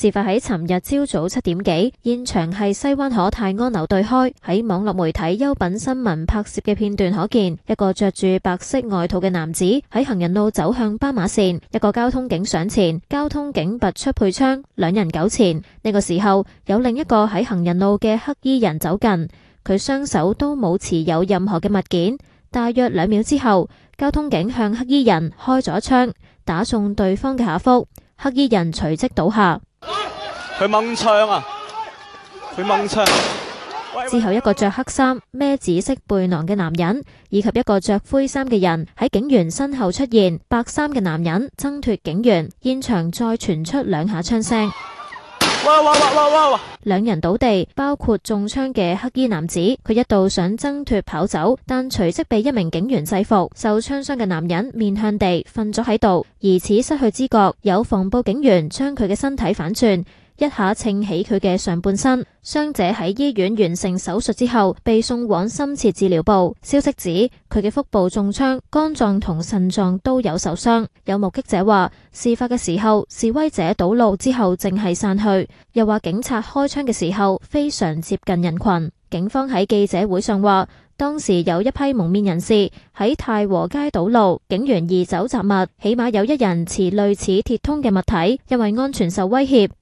事發喺尋日朝早七點幾，現場係西灣河泰安樓對開。喺網絡媒體優品新聞拍攝嘅片段可見，一個着住白色外套嘅男子喺行人路走向斑馬線，一個交通警上前，交通警拔出配槍，兩人糾纏。呢個時候有另一個喺行人路嘅黑衣人走近，佢雙手都冇持有任何嘅物件。大約兩秒之後，交通警向黑衣人開咗槍，打中對方嘅下腹，黑衣人隨即倒下。佢掹槍啊！佢掹槍之後，一個着黑衫、孭紫色背囊嘅男人，以及一個着灰衫嘅人喺警員身後出現。白衫嘅男人掙脫警員，現場再傳出兩下槍聲。哇哇哇哇哇哇！兩人倒地，包括中槍嘅黑衣男子。佢一度想掙脫跑走，但隨即被一名警員制服。受槍傷嘅男人面向地瞓咗喺度，疑似失去知覺。有防暴警員將佢嘅身體反轉。一下稱起佢嘅上半身，傷者喺醫院完成手術之後，被送往深切治療部。消息指佢嘅腹部中槍，肝臟同腎臟都有受傷。有目擊者話，事發嘅時候示威者堵路之後，淨係散去。又話警察開槍嘅時候非常接近人群。警方喺記者會上話，當時有一批蒙面人士喺太和街堵路，警員移走雜物，起碼有一人持類似鐵通嘅物體，因為安全受威脅。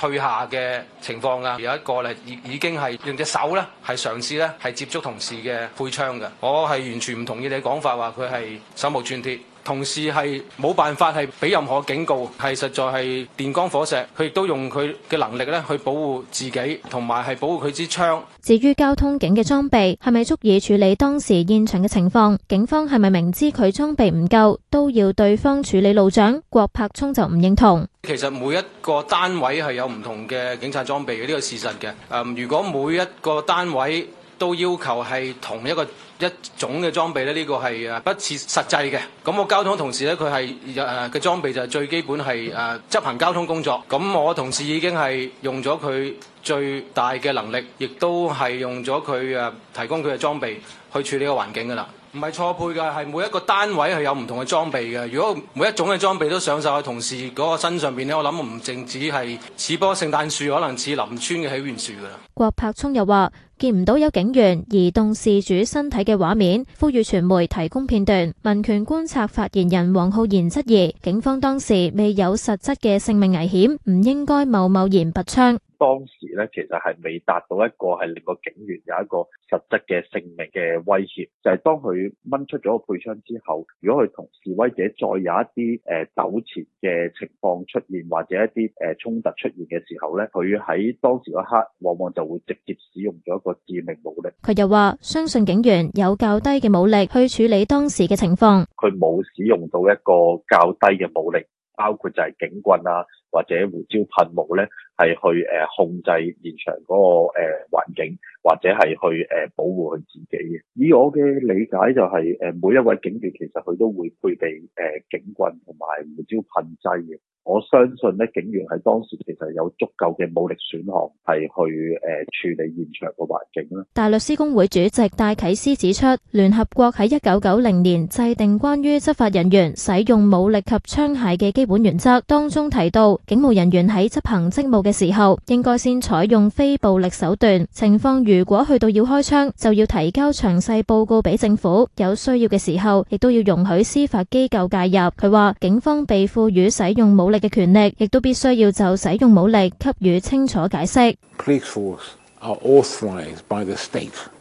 退下嘅情況㗎，有一個咧已已經係用隻手咧係嘗試咧係接觸同事嘅配槍㗎，我係完全唔同意你嘅講法，話佢係手無寸鐵。同事係冇辦法係俾任何警告，係實在係電光火石。佢亦都用佢嘅能力咧去保護自己，同埋係保護佢支槍。至於交通警嘅裝備係咪足以處理當時現場嘅情況？警方係咪明知佢裝備唔夠都要對方處理路障？郭柏聰就唔認同。其實每一個單位係有唔同嘅警察裝備嘅呢個事實嘅。誒，如果每一個單位都要求係同一個。一種嘅裝備咧，呢、呢個係誒不切實際嘅。咁我交通同事咧，佢係誒嘅裝備就係最基本係誒、呃、執行交通工作。咁我同事已經係用咗佢最大嘅能力，亦都係用咗佢誒提供佢嘅裝備去處理個環境㗎啦。唔係錯配㗎，係每一個單位係有唔同嘅裝備嘅。如果每一種嘅裝備都上晒我同事嗰個身上邊咧，我諗唔淨止係似棵聖誕樹，可能似林村嘅許願樹㗎啦。郭柏聰又話。見唔到有警員移動事主身體嘅畫面，呼籲傳媒提供片段。民權觀察發言人黃浩然質疑警方當時未有實質嘅性命危險，唔應該貿貿然拔槍。當時呢，其實係未達到一個係令個警員有一個實質嘅性命嘅威脅，就係、是、當佢掹出咗個配槍之後，如果佢同示威者再有一啲誒糾纏嘅情況出現，或者一啲誒衝突出現嘅時候呢，佢喺當時嗰刻往往就會直接使用咗一個。致命武力。佢又話相信警員有較低嘅武力去處理當時嘅情況，佢冇使用到一個較低嘅武力，包括就係警棍啊。或者胡椒噴霧咧，係去誒控制現場嗰個誒環境，或者係去誒保護佢自己嘅。以我嘅理解就係誒，每一位警員其實佢都會配備誒警棍同埋胡椒噴劑嘅。我相信咧，警員喺當時其實有足夠嘅武力選項係去誒處理現場嘅環境啦。大律師公會主席戴啟思指出，聯合國喺一九九零年制定關於執法人員使用武力及槍械嘅基本原則，當中提到。警務人員喺執行職務嘅時候，應該先採用非暴力手段。情況如果去到要開槍，就要提交詳細報告俾政府。有需要嘅時候，亦都要容許司法機構介入。佢話警方被賦予使用武力嘅權力，亦都必須要就使用武力給予清楚解釋。